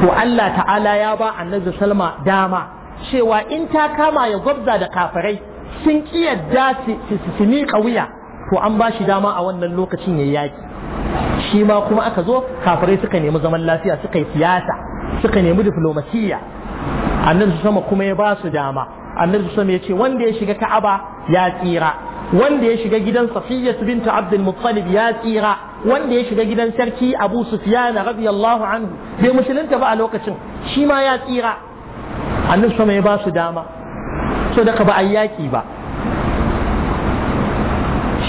to Allah ta'ala ya ba annabi salma dama cewa in ta kama ya gwabza da kafirai sun ƙi yadda su miƙa wuya to an ba shi dama a wannan lokacin ya yaƙi shi ma kuma aka zo kafirai suka nemi zaman lafiya suka yi siyasa suka nemi diflomasiyya su sama kuma ya ba su dama su sama ya ce wanda ya shiga ka'aba ya tsira wanda ya shiga gidan safiya binta abdul muttalib ya tsira wanda ya shiga gidan sarki abu sufyan radiyallahu anhu bai musulunta ba a lokacin shi ma ya tsira annabi sama ya ba su dama so daga ba a yaki ba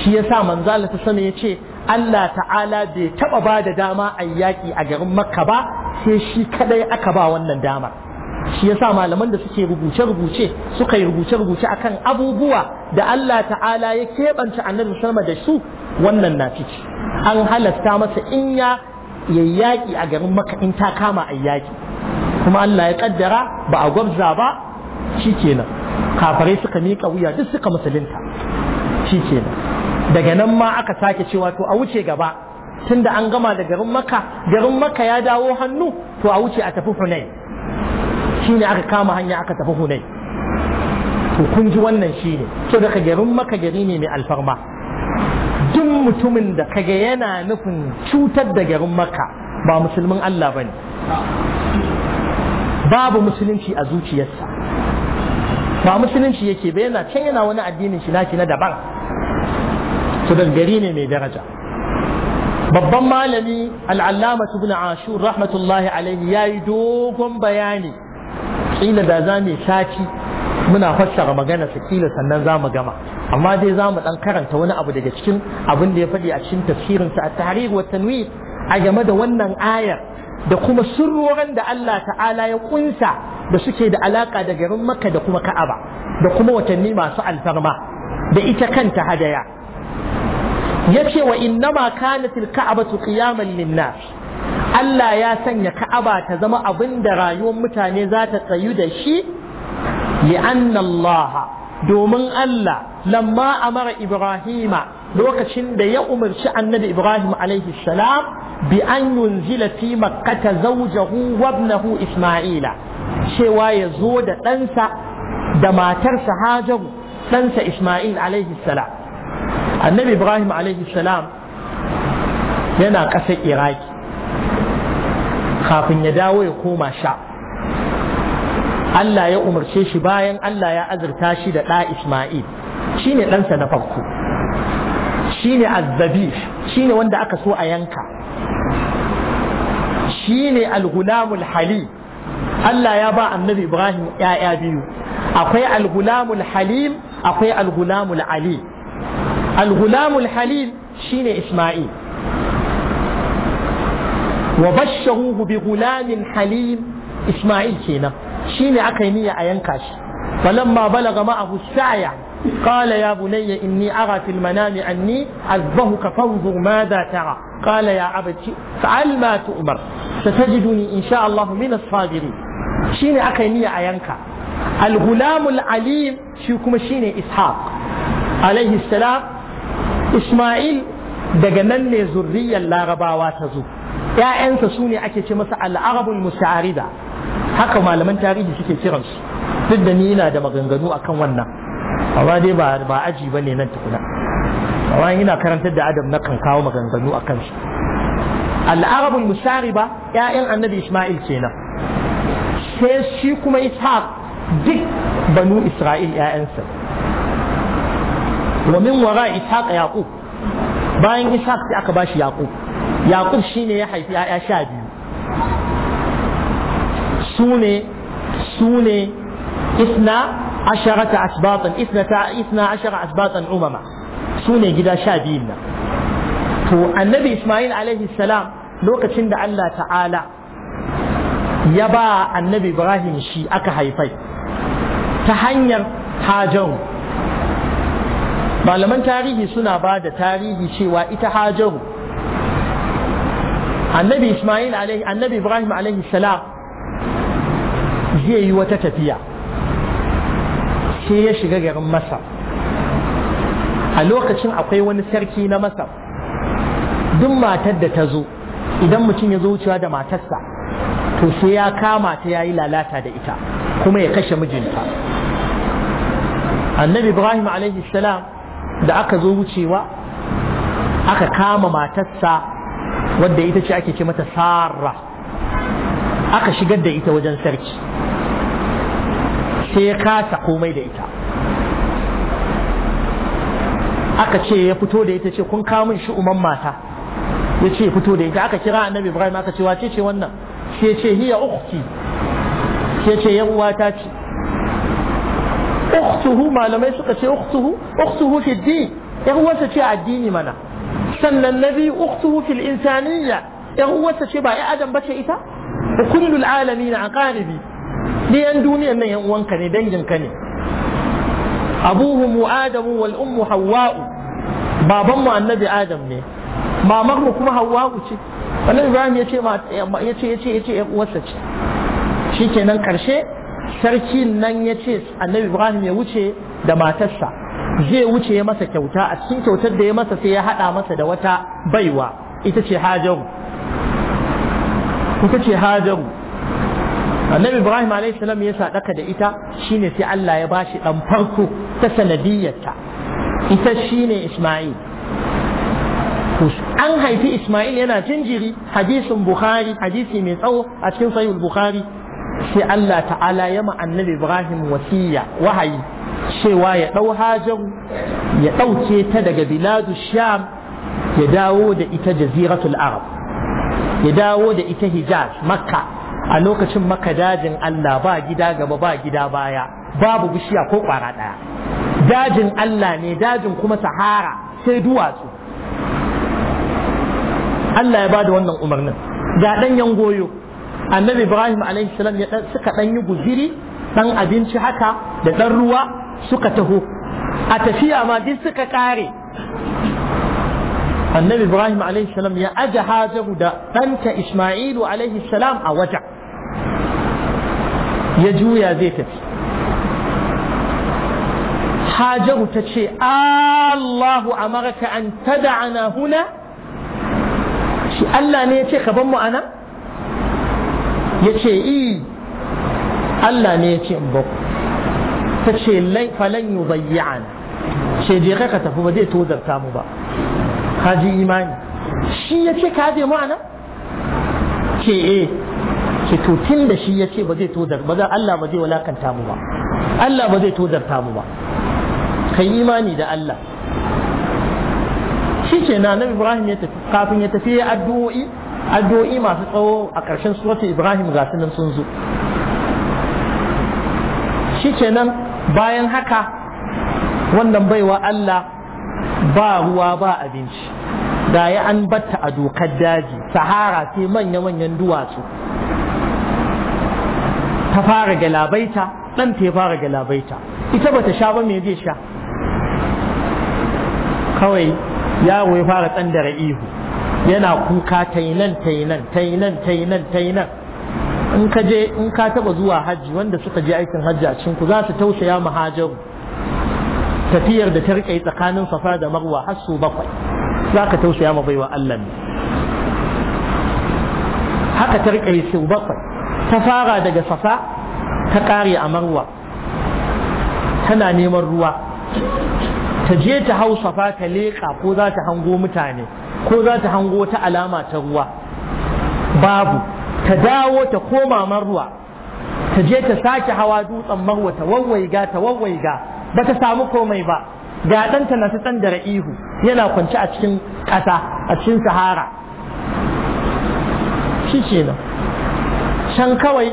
shi ya sa manzala ta sama ya ce Allah ta'ala bai taɓa ba da dama a yaki a garin makka ba sai shi kadai aka ba wannan damar shi sa malaman da suke rubuce-rubuce suka yi rubuce-rubuce akan abubuwa da Allah ta'ala ya keɓance annabi sama da su wannan na an halasta masa in ya yaƙi a garin maka in ta kama a yaki. kuma Allah ya kaddara ba a gwabza ba shi kenan kafarai suka miƙa wuya duk suka musulunta kenan daga nan ma aka sake cewa to a wuce gaba tunda an gama da garin maka garin maka ya dawo hannu to a wuce a tafi hunai shine aka kama hanya aka tafi hunai to kun ji wannan shine so daga garin maka gari ne mai alfarma duk mutumin da kaga yana nufin cutar da garin maka ba musulmin Allah bane babu musulunci a zuciyarsa ba musulunci yake ba yana can yana wani addinin shi nashi na daban to gari ne mai daraja babban malami al'allama ibn ashur rahmatullahi alaihi yayi dogon bayani kila da za mu sati muna fassara magana sa kila sannan za mu gama amma dai za mu dan karanta wani abu daga cikin abin da ya faɗi a cikin tafsirin sa at-tahrir wa tanwir a game da wannan ayar da kuma sirrorin da Allah ta'ala ya kunsa da suke da alaka da garin maka da kuma ka'aba da kuma watanni masu alfarma da ita kanta hadaya yace wa innama Ka'aba ka'abatu qiyaman ninna? Allah ya sanya ka'aba ta zama abin da rayuwar mutane za ta tsayu da shi li'anna Allah domin Allah lamma amara Ibrahima lokacin da ya umarci annabi Ibrahim alaihi salam bi an yunzila fi makkata zawjahu wa ibnahu Isma'ila cewa ya zo da ɗansa da matarsa Hajaru ɗansa Isma'il alaihi salam annabi Ibrahim alaihi salam yana ƙasar Iraki kafin ya dawo ya koma sha Allah ya umarce shi bayan Allah ya azurta shi da ɗa Ismail ne ɗansa na farko shine azzabi ne wanda aka so a yanka shi ne gulamul halim Allah ya ba annabi Ibrahim ‘ya'ya biyu, akwai al halim, akwai al ali. al halil shi ne Ismail. Wa basharuhu bi gulamin halim Ismail kenan. shi ne aka yi a yanka shi falamma balaga ma'ahu saya qala ya bunayya inni ara fil manami anni azbahuka fanzur ma za tara qala ya abati fa'al ma tu'mar satajiduni insha Allah min as-sabirin shi ne aka yi a yanka الغلام العليم شو كمشين إسحاق عليه السلام إسماعيل دجنن زرية لا غباوات زو يا أنت سوني أكيد مثلا العرب المساردة haka malaman tarihi suke kiransu duk da ni ina da maganganu akan wannan amma dai ba aji ba ne nan tukuna amma ina karantar da adam na kan kawo maganganu akan shi. al'arabul musariba ‘ya'yan annabi ismail kenan sai shi kuma ishaq duk banu isra'il ‘ya'yansa wa min wara ishaq yaqub bayan ishaq sai aka bashi yaqub yaqub shine ya haifi ‘ya'ya sha biyu sune sune isna asharata asbatan isna ta gida sha biyun nan to annabi isma'il alaihi salam lokacin da Allah ta'ala ya ba annabi ibrahim shi aka haifai ta hanyar hajaru malaman tarihi suna ba da tarihi cewa ita hajaru annabi isma'il annabi ibrahim alaihi salam zai yi wata tafiya sai ya shiga garin masar a lokacin akwai wani sarki na masar duk matar da ta zo idan mutum ya zo wucewa da matarsa to sai ya kama ta ya yi lalata da ita kuma ya kashe mijinta annabi ibrahim salam da aka zo wucewa aka kama matarsa wadda ita ce ake ce mata sarra aka shigar da ita wajen sarki sai ya kasa komai da ita aka ce ya fito da ita ce kun kawo min shi uman mata ya ce fito da ita aka kira annabi ibrahim aka ce wace ce wannan ke ce hiya ukhti ke ce yan uwata ce ukhtuhu malamai suka ce ukhtuhu ukhtuhu fi din yan uwarsa ce addini mana sannan nabi ukhtuhu fil insaniyya yan uwarsa ce ba ya adam bace ita wa kullul alamin ni diyan duniyan nan yan uwanka ne dangin ka ne mu adamu wal ummu hawwa'u baban mu annabi adam ne mamar mu kuma hawwa'u ce wannan ibrahim ya ce yace yace ce. uwarsa ce shikenan karshe sarkin nan yace annabi ibrahim ya wuce da matarsa zai wuce masa kyauta a cikin kyautar da ya masa sai ya hada masa da wata baiwa ita ce hajaru ita ce hajaru annabi ibrahim alaihissalam ya sadaka da ita shine sai allah ya bashi dan farko ta sanadiyyarta ita shine isma'il an haifi isma'il yana jinjiri hadisin bukhari hadisi mai tsawo a cikin sahih bukhari sai allah ta'ala ya annabi ibrahim wasiya wahayi cewa ya ɗau hajaru ya ɗauke ta daga biladu sham ya dawo da ita jaziratul arab ya dawo da ita hijaz makka a lokacin makka dajin allah ba gida gaba ba gida baya babu bishiya ko kwara ɗaya dajin allah ne dajin kuma sahara sai duwatsu allah ya ba da wannan umarnin ga ɗanyen goyo annabi ibrahim alaihi ya suka ɗan yi guziri ɗan abinci haka da ɗan ruwa suka taho a tafiya ma duk suka ƙare annabi ibrahim alaihi salam ya aje hajaru da ɗanta isma'ilu alaihi salam a wajen ya juya zai tafi hajaru ta ce allahu amarka an tada'ana huna shi allah ne ya ce ka ban mu ana ya ce i allah ne ya ce in ta ce falan yi bayyana ce je ka tafi ba zai tozarta mu ba ka ji imani shi ya ce ka je ke anan eh. ce to tun da shi ya ce ba zai tozar ba za Allah ba zai walakanta mu ba Allah ba zai tozarta mu ba kai imani da Allah shi ce na nabi Ibrahim ya tafi kafin ya tafi addu'o'i addu'o'i masu tsawo a ƙarshen suratul Ibrahim ga su nan sun zo shi ce nan bayan haka wannan baiwa Allah ba ruwa ba abinci da ya an batta a dokar daji sahara sai manya-manyan duwatsu ta fara galabaita ɗan ta ya fara galabaita ita bata sha ba me zai sha kawai yaro ya fara tsandara ihu yana kuka tainan tainan tainan tainan tainan in ka je in ka taba zuwa hajji wanda suka je aikin hajji a ku za su tausaya hajjaru tafiyar da ta rike tsakanin safa da marwa har su bakwai za ka tausaya ma baiwa Allah ne haka ta rike su bakwai ta fara daga safa ta kare a marwa tana neman ruwa ta je ta hau safa ta leƙa ko za ta hango mutane ko za ta hango ta alama ta ruwa babu ta dawo ta koma marwa ta je ta sake hawa dutsen marwa ta wawwaiga ta wawwaiga ba ta samu komai ba ga ɗanta na ta tsandara ihu yana kwance a cikin ƙasa a cikin sahara shi ce nan can kawai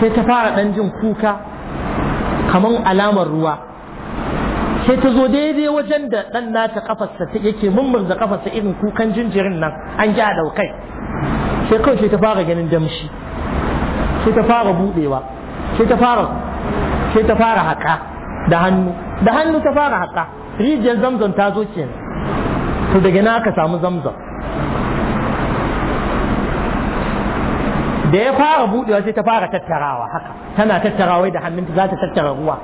sai ta fara ɗan jin kuka kamar alamar ruwa sai ta zo daidai wajen da ɗan nata kafarsa ta yake da kafarsa irin kukan jinjirin nan an ja daukai sai kawai sai ta fara ganin damshi sai ta fara budewa sai ta fara sai ta fara haka da hannu da hannu ta fara haƙa rijiyar zamzam ta zo kenan to daga na aka samu zamzam da ya fara buɗewa sai ta fara tattarawa haka tana tattarawa da hannunta za ta tattara ruwa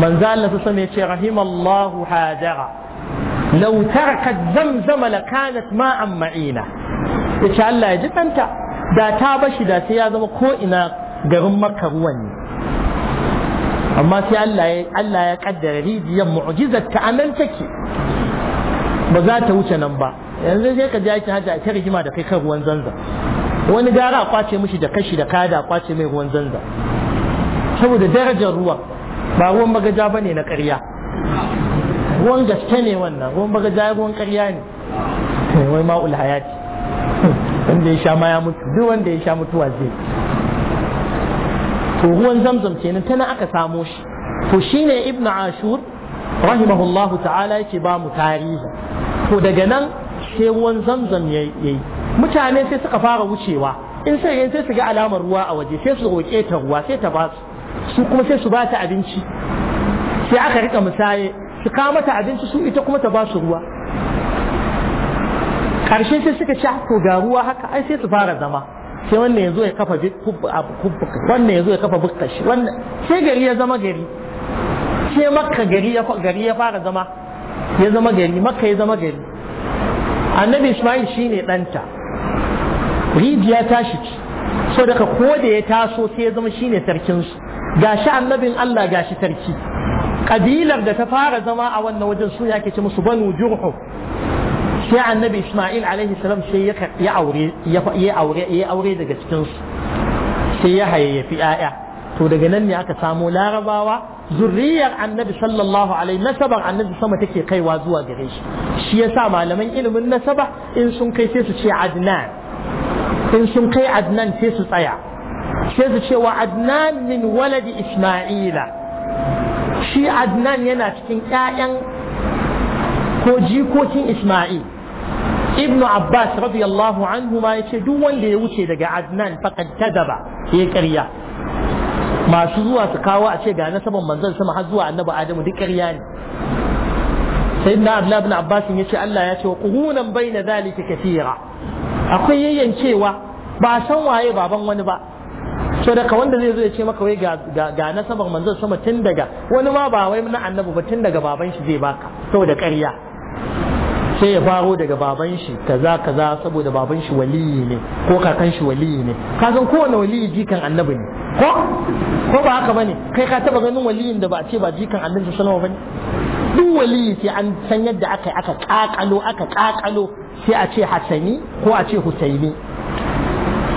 manzo Allah su ce rahimallahu hajara law tarakat zamzama lakanat ma'an ma'ina yace Allah ya ji kanta da ta bashi da sai ya zama ko ina garin makka ruwan amma sai Allah ya Allah ya kaddara rijiyar mu'jizar ta anan take ba za ta wuce nan ba yanzu sai ka ji aikin hajji a ta rigima da kai kan ruwan zanza wani gara a kwace mishi da kashi da kada a kwace mai ruwan zanza saboda darajar ruwa ba ruwan bagaja ba ne na ƙarya ruwan gaske ne wannan ruwan bagaja ruwan ƙarya ne eh, wai ma'ul hayati (laughs) wanda ya sha ma ya mutu duk wanda ya sha mutuwa zai to ruwan zamzam kenan tana aka samo shi to shine ibn ashur rahimahullahu ta'ala yake ba mu tarihi to daga nan sai ruwan zamzam yayi mutane sai suka fara wucewa in sai yin sai su ga alamar ruwa a waje sai su roƙe ta ruwa sai ta ba su su kuma sai su ba ta abinci sai aka rika musaye su kawo mata abinci su ita kuma ta ba su ruwa ƙarshe sai suka ci ah, to ga ruwa haka ai sai su fara zama sai wannan ya zo ya kafa wannan ya zo ya kafa bukka shi wannan sai gari ya zama gari sai makka gari ya gari ya fara zama ya zama gari makka ya zama gari annabi ismail shine danta rijiya ta shi so daga ko da ya taso sai ya zama shine sarkin su gashi annabin Allah gashi sarki kabilar da ta fara zama a wannan wajen su yake ce musu banu jurhu sai annabi Ismail alaihi salam sai ya aure ya aure ya aure daga cikin su sai ya hayayyafi yaya to daga nan ne aka samo larabawa zurriyar annabi sallallahu alaihi nasabar annabi sama take kaiwa zuwa gare shi shi yasa malaman ilimin nasaba in sun kai sai su ce adnan in sun kai adnan sai su tsaya sai su ce wa adnan min waladi isma'ila shi adnan yana cikin ƴaƴan ko jikokin isma'il ibnu abbas radiyallahu anhu ma yace duk wanda ya wuce daga adnan faqad kadaba ya ƙarya masu zuwa su kawo a ce ga nasaban manzon sama har zuwa annabi adamu duk ƙarya ne sayyidina abdullah ibn abbas ce Allah ya ce wa qurunan baina zalika kathira akwai yayyancewa ba san waye baban wani ba so daga wanda zai zo ya ce maka wai ga ga nasabar manzon sama tun daga wani ma ba wai na annabi ba tun daga baban shi zai baka saboda ƙarya sai ya faro daga baban shi kaza kaza saboda baban shi waliyi ne ko kakan shi waliyi ne ka san kowane waliyi jikan annabi ne ko ko ba haka bane kai ka taba ganin waliyin da ba ce ba jikan annabi sallallahu alaihi wasallam duk waliyi sai an san yadda aka aka kakalo aka kakalo sai a ce hasani ko a ce husaini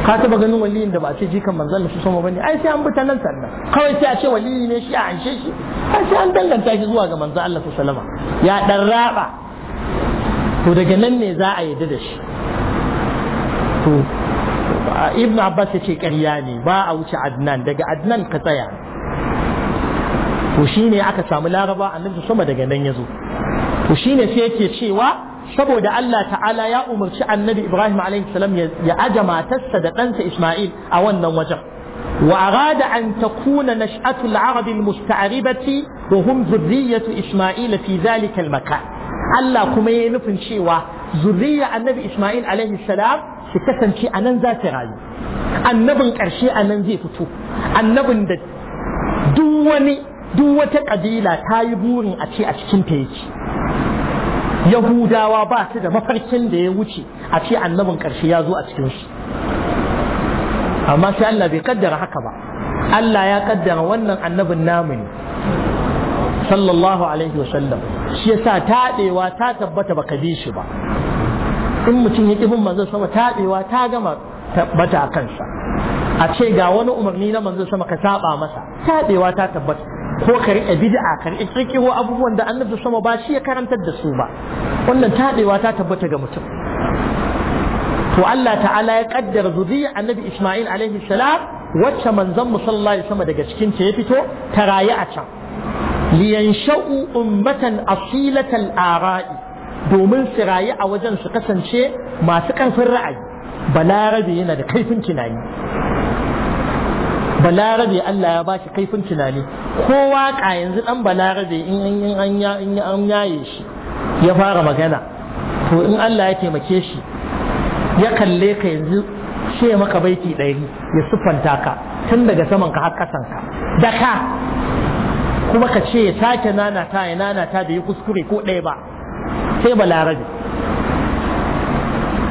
ka taba ganin waliyin da ba a ce jikan manzon su sama bane ai sai an bi ta nan sannan kawai sai a ce waliyi ne shi a anshe shi ai sai an danganta shi zuwa ga manzon Allah sallallahu alaihi wasallam ya dan raba to daga nan ne za a yadda da shi to ibn abbas ya ce ƙarya ne ba a wuce adnan daga adnan ka tsaya to shine aka samu laraba annabi sama daga nan ya zo to shine sai yake cewa saboda Allah ta'ala ya umarci annabi Ibrahim salam ya aje matarsa da ɗansa Ismail a wannan wajen. Wa arada an takuna nash'atul arabil musta'ribati wa hum zurriyyatu Ismail fi zalikal makan. Allah kuma ya yi nufin cewa zuriya annabi Ismail alaihi salam su kasance a nan za ta rayu annabin ƙarshe a nan zai fito annabin da duk wani duk wata ƙabila ta yi burin a ce a cikin ta yake yahudawa ba su da mafarkin da ya wuce a ce annabin ƙarshe ya zo a cikin shi amma sai Allah bai kaddara haka ba Allah ya kaddara wannan annabin namu ne sallallahu alaihi wasallam shi yasa taɗewa ta tabbata baka bi shi ba in mutum ya kifin manzon sama taɗewa ta gama tabbata a kansa a ce ga wani umarni na manzon sama ka saba masa taɗewa ta tabbata ko ka riƙe bid'a ka riƙe kirkiro abubuwan da annabi sama ba shi ya karantar da su ba wannan taɗewa ta tabbata ga mutum to Allah ta'ala ya kaddara zuriya annabi Isma'il alaihi salam wacce manzon mu sallallahu alaihi wasallam daga cikin ta ya fito ta rayu a can liyansha'u ummatan asilatal ara'i domin su rayu a wajen su kasance masu karfin ra'ayi balarabe yana da kaifin tunani balarabe Allah ya bashi kaifin tunani kowa ka yanzu dan balarabe in an yaye shi ya fara magana to in Allah ya taimake shi ya kalle ka yanzu ce maka baiti ɗari ya siffanta ka tun daga saman ka har kasan ka da ka kuma ka ce ya sake nanata ya nanata bai yi kuskure ko ɗaya ba sai Larabe.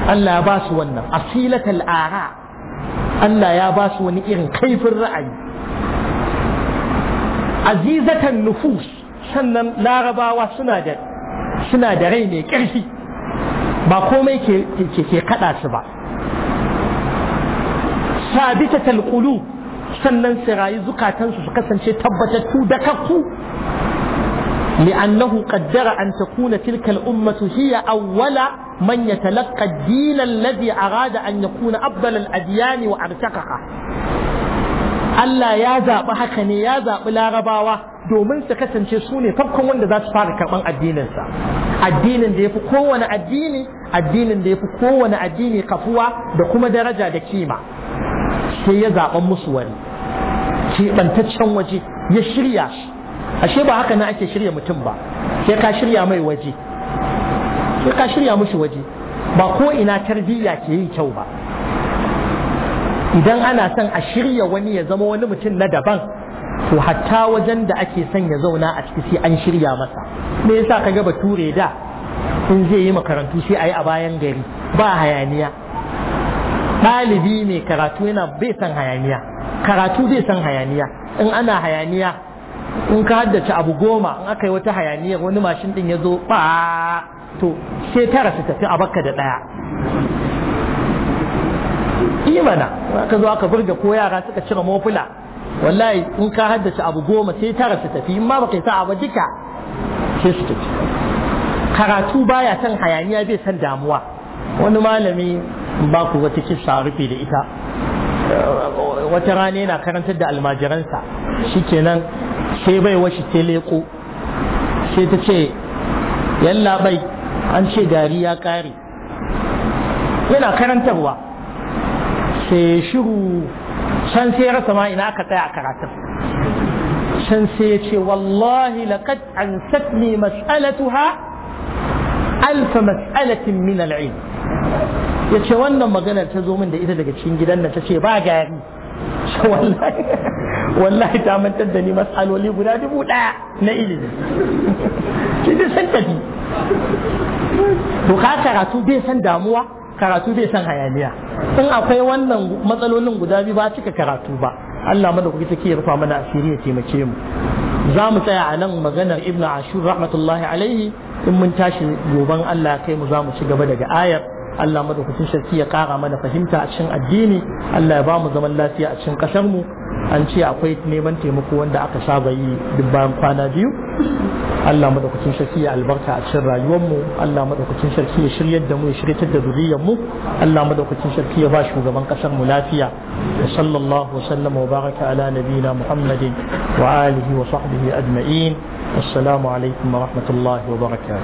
Allah ya ba su wannan asilatal ara Allah ya ba su wani irin kaifin ra'ayi azizatan nufus sannan larabawa suna da suna da rai mai ƙarfi ba komai ke ke kada su ba sabitatal qulub sannan su rayu zukatansu su kasance tabbatattu da kakku لأنه قدر أن تكون تلك الأمة هي أول من يتلقى الدين الذي أراد أن يكون أفضل الأديان وأرتقها Allah ya zaɓi haka ne ya zaɓi larabawa domin su kasance su ne farkon wanda za su fara karɓan addininsa addinin da ya fi kowane addini addinin da ya fi kowane addini kafuwa da kuma daraja da kima sai ya zaɓa musu wani keɓantaccen waje ya shirya shi ashe ba haka na ake shirya mutum ba sai ka shirya mai waje sai ka shirya mushi waje ba ko ina tarbiyya ke yi kyau ba idan ana son a shirya wani ya zama wani mutum na daban to hatta wajen da ake son ya zauna a ciki sai an shirya masa me yasa ka ga bature da in zai yi makarantu sai a yi a bayan gari ba hayaniya ɗalibi mai karatu yana bai son hayaniya karatu zai san hayaniya in ana hayaniya in ka haddace abu goma in aka yi wata hayaniya wani mashin din ya zo ba to sai tara su tafi a bakka da ɗaya imana aka zo aka burga ko yara suka cire mofula wallahi in ka haddace abu goma sai tara su tafi in ma baka yi sa'a ba duka sai su tafi karatu baya san hayaniya bai san damuwa wani malami ba ku wata kissa rufe da ita wata rana yana karantar da almajiransa shikenan sai bai washi ta leko sai ta ce yalla bai an ce gari ya kare yana karantarwa sai shiru can sai rasa ina aka tsaya a karatun can sai ya ce wallahi laqad ansatni mas'alatuha alfa mas'alatin min al'ilm ya ce wannan maganar ta zo min da ita daga cikin gidan nan ta ce ba gari (laughs) wallahi ta mantar da ni matsaloli guda dubu daya na ilimi shi (laughs) dai san tafi to ka karatu bai san damuwa karatu bai san hayaniya in akwai wannan matsalolin guda biyu ba cika karatu ba Allah mada kuke take rufa mana asiri ya taimake mu za mu tsaya a nan maganar ibnu ashur rahmatullahi alaihi in mun tashi goban Allah kai mu za mu ci gaba daga ayar Allah madaukakin sarki ya kara mana fahimta a cikin addini Allah ya bamu zaman lafiya a cikin kasar mu an ce akwai neman taimako wanda aka saba yi duk bayan kwana biyu Allah madaukakin sarki ya albarka a cikin rayuwar mu Allah madaukakin sarki ya shiryar da mu ya shiryatar da zuriyar mu Allah madaukakin sarki ya ba shugaban kasar mu lafiya wa sallallahu wa sallam wa baraka ala nabiyina Muhammadin wa alihi wa sahbihi ajma'in assalamu alaikum wa rahmatullahi wa barakatuh